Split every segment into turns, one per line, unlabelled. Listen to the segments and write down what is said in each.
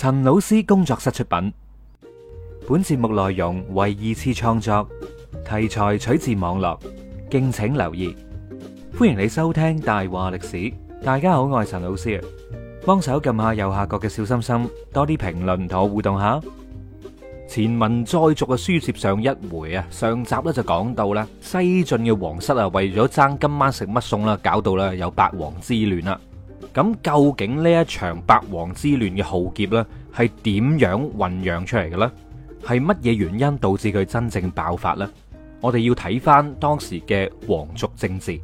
陳老師工作室出品，本節目內容為二次創作，題材取自網絡，敬請留意。歡迎你收聽《大話歷史》，大家好，我係陳老師啊，幫手撳下右下角嘅小心心，多啲評論同我互動下。前文再續嘅書接上一回啊，上集咧就講到啦，西晉嘅皇室啊，為咗爭今晚食乜餸啦，搞到啦有八王之亂啦。咁究竟呢一場八王之亂嘅浩劫咧，係點樣醞釀出嚟嘅咧？係乜嘢原因導致佢真正爆發呢？我哋要睇翻當時嘅皇族政治。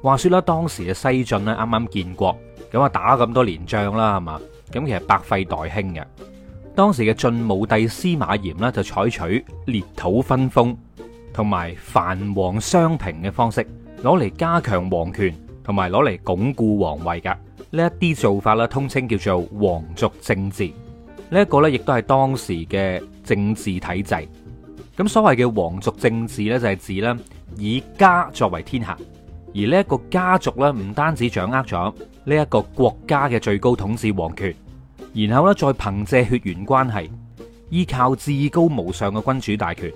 話說啦，當時嘅西晉呢，啱啱建國，咁啊打咁多年仗啦，係嘛？咁其實百廢待興嘅。當時嘅晉武帝司馬炎呢，就採取列土分封同埋藩王相平嘅方式，攞嚟加強皇權。同埋攞嚟鞏固皇位噶呢一啲做法啦，通稱叫做皇族政治。呢一個呢，亦都係當時嘅政治體制。咁所謂嘅皇族政治呢，就係指呢：以家作為天下，而呢一個家族呢，唔單止掌握咗呢一個國家嘅最高統治皇權，然後呢，再憑借血緣關係，依靠至高無上嘅君主大權，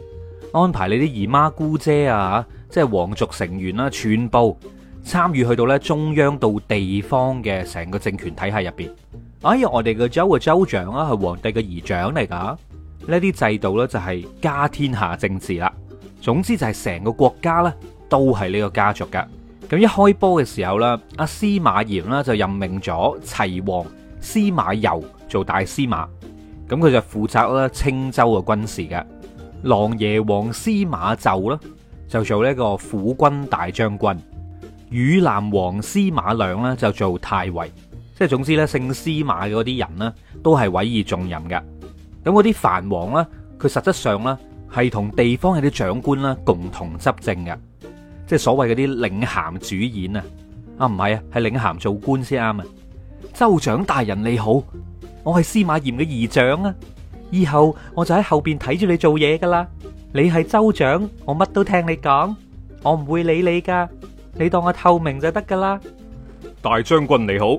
安排你啲姨媽姑姐啊，即係皇族成員啦，全部。參與去到咧中央到地方嘅成個政權體系入邊。哎呀，我哋嘅州嘅州長啊，係皇帝嘅姨長嚟噶。呢啲制度呢，就係家天下政治啦。總之就係成個國家呢，都係呢個家族噶。咁一開波嘅時候呢，阿司馬炎呢，就任命咗齊王司馬攸做大司馬，咁佢就負責咧青州嘅軍事嘅。琅琊王司馬伷呢，就做呢一個府軍大將軍，汝南王司馬亮咧就做太尉，即係總之咧姓司馬嘅嗰啲人咧都係委以重任嘅。咁嗰啲藩王咧，佢實質上咧係同地方嗰啲長官啦共同執政嘅，即係所謂嗰啲領銜主演啊，啊唔係啊，係領銜做官先啱啊。州長大人你好，我係司馬炎嘅姨丈。啊，以後我就喺後邊睇住你做嘢噶啦。你係州長，我乜都聽你講，我唔會理你噶。你當我透明就得噶啦！大將軍你好，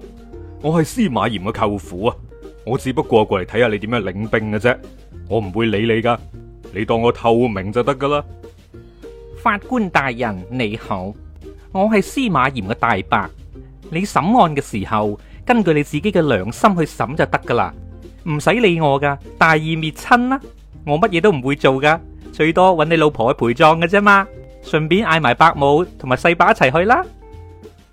我係司馬炎嘅舅父啊，我只不過過嚟睇下你點樣領兵嘅啫，我唔會理你噶，你當我透明就得噶啦。法官大人你好，我係司馬炎嘅大伯，你審案嘅時候，根據你自己嘅良心去審就得噶啦，唔使理我噶，大義滅親啦，我乜嘢都唔會做噶，最多揾你老婆去陪葬嘅啫嘛。順便嗌埋伯母同埋細伯一齊去啦，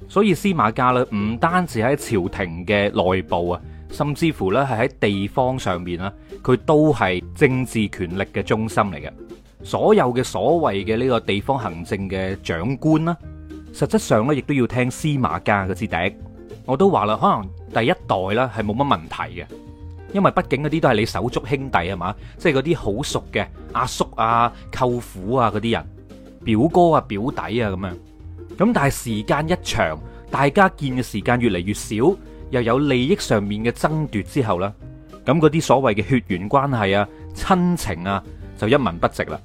所以司馬家啦，唔單止喺朝廷嘅內部啊，甚至乎呢係喺地方上面啦，佢都係政治權力嘅中心嚟嘅。所有嘅所謂嘅呢個地方行政嘅長官啦，實質上咧亦都要聽司馬家嘅支笛。我都話啦，可能第一代啦係冇乜問題嘅，因為畢竟嗰啲都係你手足兄弟啊嘛，即係嗰啲好熟嘅阿叔啊、舅父啊嗰啲人。表哥啊，表弟啊，咁樣咁，但係時間一長，大家見嘅時間越嚟越少，又有利益上面嘅爭奪之後呢。咁嗰啲所謂嘅血緣關係啊、親情啊，就一文不值啦。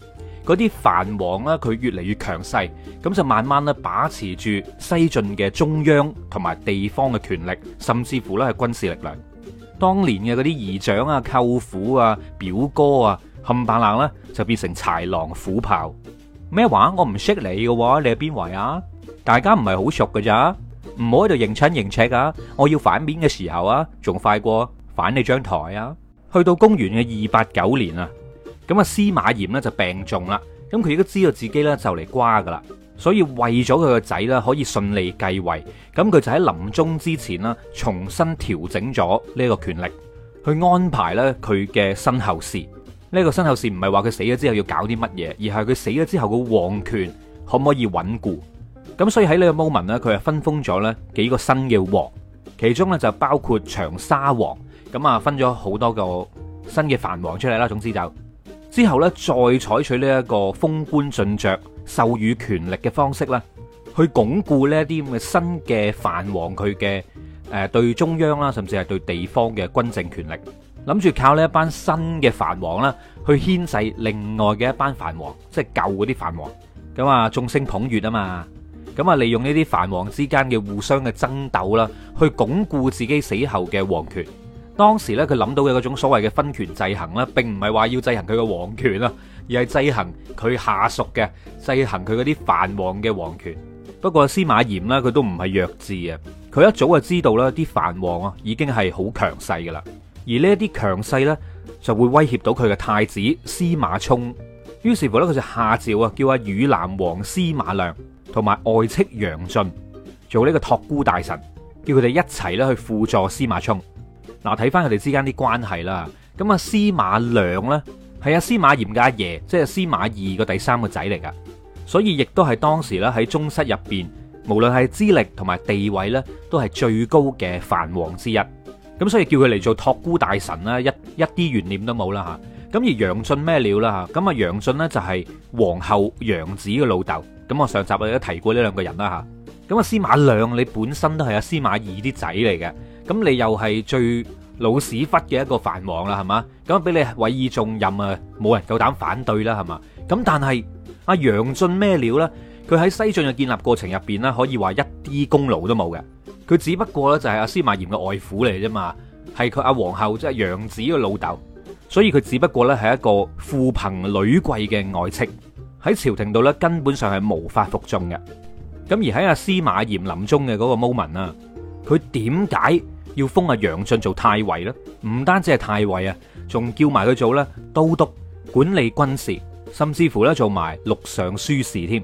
嗰啲藩王呢、啊，佢越嚟越強勢，咁就慢慢咧把持住西晉嘅中央同埋地方嘅權力，甚至乎呢係軍事力量。當年嘅嗰啲姨丈啊、舅父啊、表哥啊，冚唪唥呢，就變成豺狼虎豹。咩話？我唔識你嘅喎，你係邊位啊？大家唔係好熟㗎咋，唔好喺度認親認赤啊！我要反面嘅時候啊，仲快過反你張台啊！去到公元嘅二八九年啊，咁啊司馬炎呢就病重啦，咁佢亦都知道自己呢就嚟瓜噶啦，所以為咗佢個仔呢可以順利繼位，咁佢就喺臨終之前呢重新調整咗呢個權力，去安排咧佢嘅身後事。呢、這個身後事唔係話佢死咗之後要搞啲乜嘢，而係佢死咗之後個皇權可唔可以穩固？咁所以喺呢個 moment 呢佢係分封咗呢幾個新嘅王，其中呢就包括長沙王，咁啊分咗好多個新嘅藩王出嚟啦。總之就之後呢，再採取呢一個封官進爵、授予權力嘅方式啦，去鞏固呢啲咁嘅新嘅藩王佢嘅誒對中央啦，甚至係對地方嘅軍政權力。諗住靠呢一班新嘅藩王啦，去牽制另外嘅一班藩王，即係舊嗰啲藩王，咁啊眾星捧月啊嘛，咁啊利用呢啲藩王之間嘅互相嘅爭鬥啦，去鞏固自己死後嘅皇權。當時呢，佢諗到嘅嗰種所謂嘅分權制衡啦，並唔係話要制衡佢嘅皇權啊，而係制衡佢下屬嘅，制衡佢嗰啲藩王嘅皇權。不過司馬炎呢，佢都唔係弱智啊，佢一早就知道啦，啲藩王啊已經係好強勢噶啦。而呢一啲強勢呢，就會威脅到佢嘅太子司馬衷。於是乎呢，佢就下詔啊，叫汝南王司馬亮同埋外戚楊駿做呢個託孤大臣，叫佢哋一齊咧去輔助司馬衷。嗱，睇翻佢哋之間啲關係啦。咁啊，司馬亮呢，係阿司馬炎嘅阿爺，即係司馬懿個第三個仔嚟噶，所以亦都係當時咧喺宗室入邊，無論係資歷同埋地位呢，都係最高嘅藩王之一。咁所以叫佢嚟做托孤大臣啦，一一啲怨念都冇啦吓。咁而楊駿咩料啦吓？咁啊楊駿呢就係皇后楊芷嘅老豆。咁我上集都提過呢兩個人啦吓。咁啊司馬亮你本身都係阿司馬懿啲仔嚟嘅，咁你又係最老屎忽嘅一個藩王啦，係嘛？咁俾你委以重任啊，冇人夠膽反對啦，係嘛？咁但係阿楊駿咩料呢？佢喺西晉嘅建立過程入邊咧，可以話一啲功勞都冇嘅。佢只不過咧，就係阿司馬炎嘅外父嚟啫嘛，係佢阿皇后即係楊芷嘅老豆，所以佢只不過咧係一個父憑女貴嘅外戚，喺朝廷度咧根本上係無法服眾嘅。咁而喺阿司馬炎臨終嘅嗰個 moment 啊，佢點解要封阿楊駿做太尉呢？唔單止係太尉啊，仲叫埋佢做咧都督，管理軍事，甚至乎咧做埋錄尚書事添。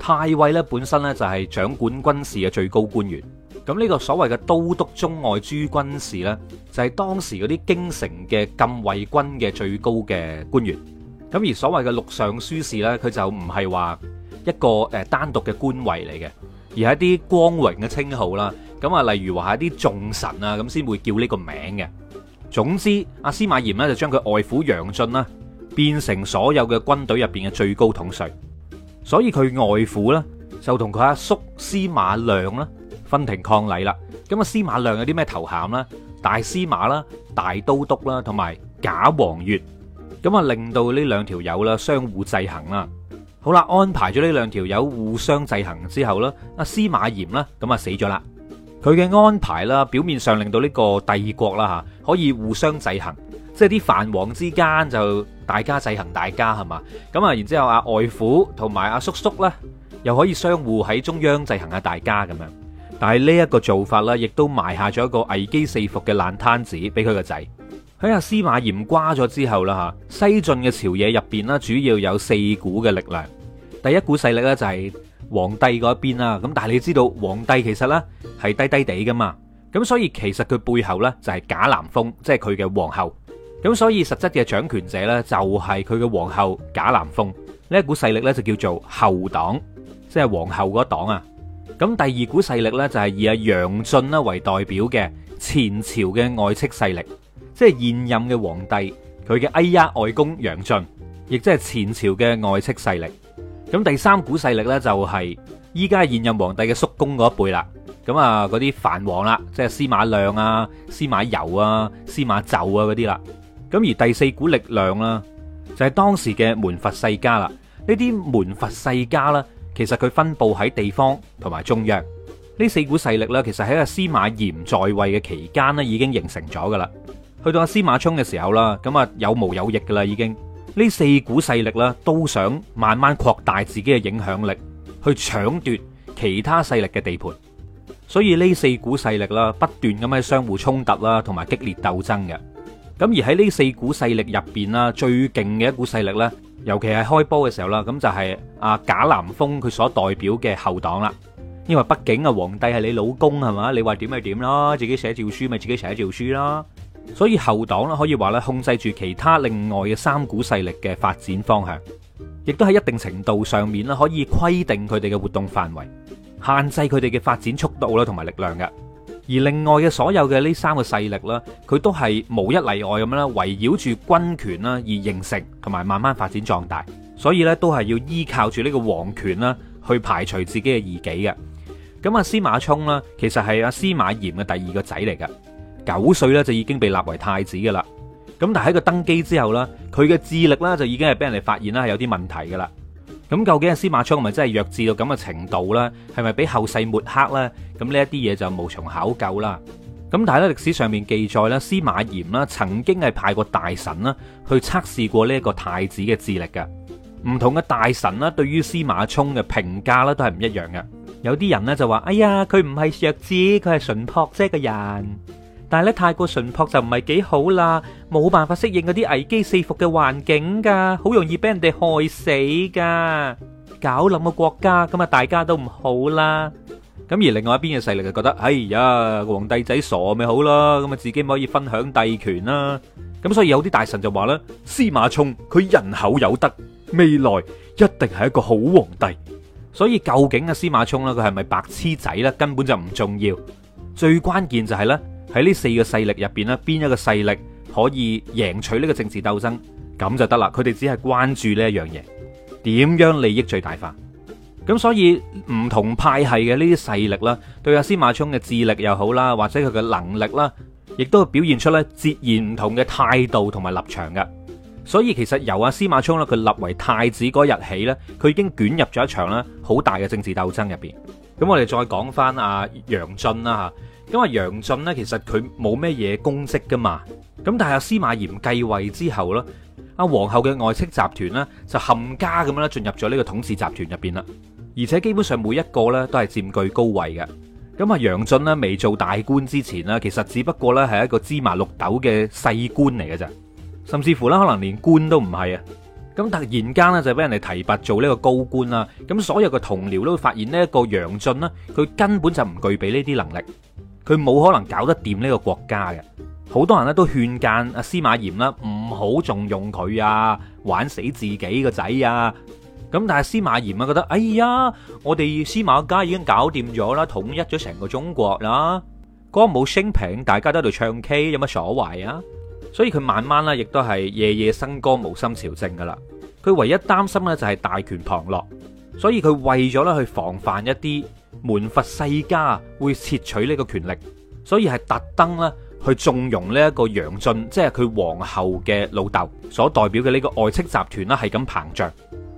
太尉咧本身咧，就係掌管軍事嘅最高官員。咁呢個所謂嘅都督中外諸軍事咧，就係當時嗰啲京城嘅禁衛軍嘅最高嘅官員。咁而所謂嘅錄尚書事咧，佢就唔係話一個誒單獨嘅官位嚟嘅，而係一啲光榮嘅稱號啦。咁啊，例如話係一啲重臣啊，咁先會叫呢個名嘅。總之，阿司馬炎咧就將佢外父楊駿啦，變成所有嘅軍隊入邊嘅最高統帥。所以佢外父咧就同佢阿叔司馬亮啦，分庭抗禮啦，咁啊司馬亮有啲咩頭銜啦？大司馬啦，大都督啦，同埋假黃鉞，咁啊令到呢兩條友啦相互制衡啦。好啦，安排咗呢兩條友互相制衡之後啦，阿司馬炎啦咁啊死咗啦。佢嘅安排啦，表面上令到呢個帝國啦吓可以互相制衡，即係啲藩王之間就大家制衡大家係嘛？咁啊，然之後阿外父同埋阿叔叔咧，又可以相互喺中央制衡下大家咁樣。但係呢一個做法呢，亦都埋下咗一個危機四伏嘅爛攤子俾佢個仔。喺阿司馬炎瓜咗之後啦，吓西晉嘅朝野入邊呢，主要有四股嘅力量。第一股勢力呢，就係皇帝嗰邊啦。咁但係你知道皇帝其實呢係低低地噶嘛。咁所以其實佢背後呢，就係賈南風，即係佢嘅皇后。咁所以實質嘅掌權者呢，就係佢嘅皇后賈南風。呢一股勢力呢，就叫做后黨，即係皇后嗰黨啊。咁第二股勢力呢，就係以阿楊駿啦為代表嘅前朝嘅外戚勢力，即係現任嘅皇帝佢嘅哎呀外公楊駿，亦即係前朝嘅外戚勢力。咁第三股勢力呢，就係依家現任皇帝嘅叔公嗰一輩啦。咁啊嗰啲藩王啦，即係司馬亮啊、司馬攸啊、司馬伷啊嗰啲啦。咁而第四股力量啦，就係當時嘅門閥世家啦。呢啲門閥世家啦。其實佢分布喺地方同埋中央呢四股勢力咧，其實喺阿司馬炎在位嘅期間咧，已經形成咗噶啦。去到阿司馬衷嘅時候啦，咁啊有毛有翼噶啦已經。呢四股勢力咧，都想慢慢擴大自己嘅影響力，去搶奪其他勢力嘅地盤。所以呢四股勢力啦，不斷咁喺相互衝突啦，同埋激烈鬥爭嘅。咁而喺呢四股勢力入邊啦，最勁嘅一股勢力咧。尤其係開波嘅時候啦，咁就係阿賈南風佢所代表嘅後黨啦。因為畢竟啊，皇帝係你老公係嘛，你話點係點咯，自己寫詔書咪自己寫詔書咯。所以後黨啦，可以話咧控制住其他另外嘅三股勢力嘅發展方向，亦都喺一定程度上面啦，可以規定佢哋嘅活動範圍，限制佢哋嘅發展速度啦，同埋力量嘅。而另外嘅所有嘅呢三個勢力呢，佢都係無一例外咁樣啦，圍繞住軍權啦而形成，同埋慢慢發展壯大，所以呢，都係要依靠住呢個皇權啦，去排除自己嘅異己嘅。咁阿司馬衷呢，其實係阿司馬炎嘅第二個仔嚟嘅，九歲呢，就已經被立為太子嘅啦。咁但係喺佢登基之後呢，佢嘅智力呢，就已經係俾人哋發現啦，係有啲問題嘅啦。咁究竟係司馬衷係咪真係弱智到咁嘅程度呢？係咪俾後世抹黑呢？咁呢一啲嘢就無從考究啦。咁但係咧，歷史上面記載咧，司馬炎啦曾經係派過大臣啦去測試過呢一個太子嘅智力嘅。唔同嘅大臣啦，對於司馬衷嘅評價啦都係唔一樣嘅。有啲人咧就話，哎呀，佢唔係弱智，佢係純樸啫個人。但係咧，太過淳樸就唔係幾好啦，冇辦法適應嗰啲危機四伏嘅環境噶，好容易俾人哋害死噶，搞冧個國家咁啊，大家都唔好啦。咁而另外一邊嘅勢力就覺得，哎呀，皇帝仔傻咪好咯，咁啊自己可以分享帝權啦。咁所以有啲大臣就話咧，司馬衷佢仁厚有德，未來一定係一個好皇帝。所以究竟啊司馬衷咧，佢係咪白痴仔咧，根本就唔重要，最關鍵就係咧。喺呢四個勢力入邊咧，邊一個勢力可以贏取呢個政治鬥爭咁就得啦。佢哋只係關注呢一樣嘢，點樣利益最大化。咁所以唔同派系嘅呢啲勢力啦，對阿司馬衷嘅智力又好啦，或者佢嘅能力啦，亦都表現出咧截然唔同嘅態度同埋立場嘅。所以其實由阿司馬衷咧，佢立為太子嗰日起咧，佢已經捲入咗一場咧好大嘅政治鬥爭入邊。咁我哋再講翻阿楊駿啦吓。因為楊駿咧，其實佢冇咩嘢功績噶嘛，咁但係阿司馬炎繼位之後咧，阿皇后嘅外戚集團咧就冚家咁樣咧進入咗呢個統治集團入邊啦，而且基本上每一個咧都係佔據高位嘅。咁啊，楊駿咧未做大官之前呢，其實只不過咧係一個芝麻綠豆嘅細官嚟嘅咋，甚至乎咧可能連官都唔係啊。咁突然間咧就俾人哋提拔做呢個高官啦，咁所有嘅同僚都會發現呢一個楊駿呢，佢根本就唔具備呢啲能力。佢冇可能搞得掂呢個國家嘅，好多人咧都勸諫阿司馬炎啦，唔好重用佢啊，玩死自己個仔啊！咁但係司馬炎啊覺得，哎呀，我哋司馬家已經搞掂咗啦，統一咗成個中國啦，歌舞升平，大家都喺度唱 K，有乜所謂啊？所以佢慢慢咧，亦都係夜夜笙歌，無心朝政噶啦。佢唯一擔心咧就係大權旁落，所以佢為咗咧去防範一啲。門閥世家會竊取呢個權力，所以係特登咧去縱容呢一個楊俊，即係佢皇后嘅老豆所代表嘅呢個外戚集團啦，係咁膨脹，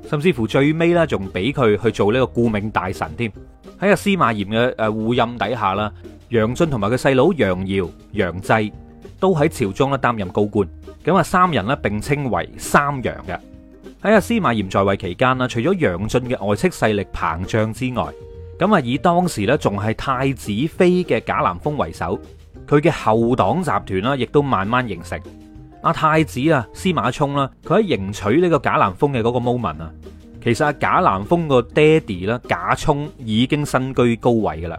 甚至乎最尾呢，仲俾佢去做呢個顧命大臣添。喺阿司馬炎嘅誒護蔭底下啦，楊俊同埋佢細佬楊耀、楊濟都喺朝中咧擔任高官，咁啊三人呢，並稱為三楊嘅。喺阿司馬炎在位期間啦，除咗楊俊嘅外戚勢力膨脹之外，咁啊，以當時咧仲係太子妃嘅賈南風為首，佢嘅後黨集團啦，亦都慢慢形成。阿太子啊，司馬衷啦，佢喺迎娶呢個賈南風嘅嗰個 moment 啊，其實阿賈南風個爹哋啦，賈充已經身居高位噶啦，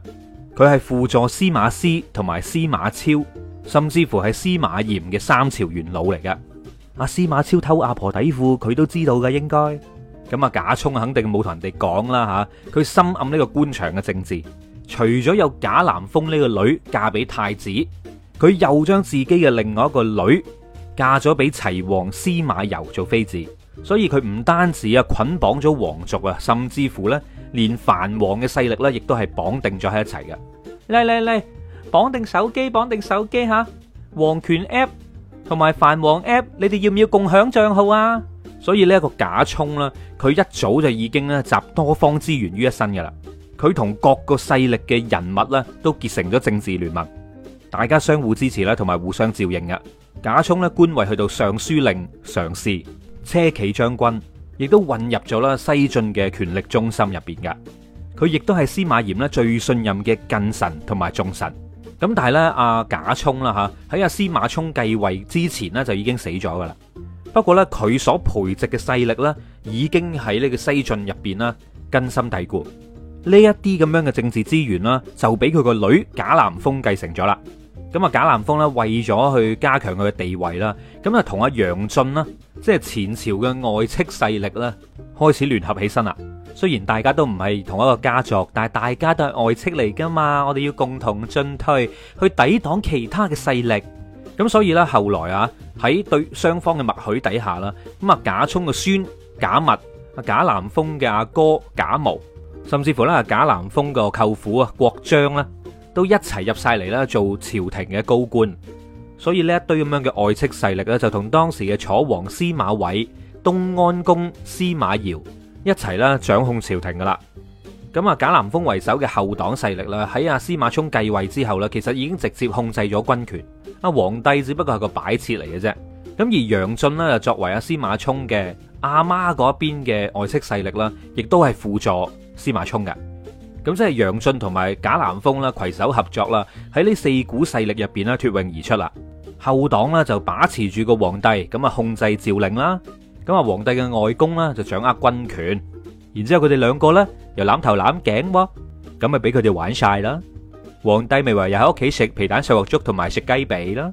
佢係輔助司馬師同埋司馬昭，甚至乎係司馬炎嘅三朝元老嚟噶。阿司馬昭偷阿婆底褲，佢都知道噶，應該。咁啊，賈充肯定冇同人哋講啦吓，佢深諳呢個官場嘅政治。除咗有賈南風呢個女嫁俾太子，佢又將自己嘅另外一個女嫁咗俾齊王司馬攸做妃子，所以佢唔單止啊捆綁咗皇族啊，甚至乎呢連藩王嘅勢力呢亦都係綁定咗喺一齊嘅。嚟嚟嚟，綁定手機，綁定手機吓，皇權 app 同埋藩王 app，你哋要唔要共享賬號啊？所以呢一個賈充咧，佢一早就已經咧集多方資源於一身嘅啦。佢同各個勢力嘅人物呢，都結成咗政治聯盟，大家相互支持咧，同埋互相照應嘅。賈充呢，官位去到尚書令、常侍、車騎將軍，亦都混入咗啦西晉嘅權力中心入邊嘅。佢亦都係司馬炎咧最信任嘅近臣同埋重臣。咁但係呢，阿賈充啦吓，喺阿司馬衷繼位之前呢，就已經死咗噶啦。不過咧，佢所培植嘅勢力咧，已經喺呢個西晉入邊啦，根深蒂固。呢一啲咁樣嘅政治資源啦，就俾佢個女賈南風繼承咗啦。咁啊，賈南風咧，為咗去加強佢嘅地位啦，咁啊同阿楊俊啦，即係前朝嘅外戚勢力啦，開始聯合起身啦。雖然大家都唔係同一個家族，但係大家都係外戚嚟噶嘛，我哋要共同進退，去抵擋其他嘅勢力。咁所以咧，後來啊。喺對雙方嘅默許底下啦，咁啊，賈充嘅孫賈謐、賈南風嘅阿哥賈模，甚至乎咧賈南風個舅父啊，郭彰啦，都一齊入晒嚟啦，做朝廷嘅高官。所以呢一堆咁樣嘅外戚勢力咧，就同當時嘅楚王司馬瑋、東安公司馬繇一齊啦，掌控朝廷噶啦。咁啊，賈南風為首嘅後黨勢力啦，喺阿司馬衷繼位之後啦，其實已經直接控制咗軍權。阿皇帝只不過係個擺設嚟嘅啫，咁而楊駿咧就作為阿司馬衷嘅阿媽嗰邊嘅外戚勢力啦，亦都係輔助司馬衷嘅。咁即係楊駿同埋賈南風啦，攜手合作啦，喺呢四股勢力入邊咧脫穎而出啦。後黨咧就把持住個皇帝，咁啊控制詔令啦，咁啊皇帝嘅外公咧就掌握軍權，然之後佢哋兩個咧又攬頭攬頸喎，咁咪俾佢哋玩曬啦。皇帝咪話又喺屋企食皮蛋瘦肉粥同埋食雞髀啦，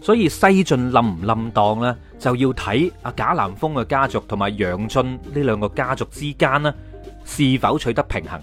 所以西晉冧唔冧檔咧，就要睇阿賈南風嘅家族同埋楊駿呢兩個家族之間呢，是否取得平衡。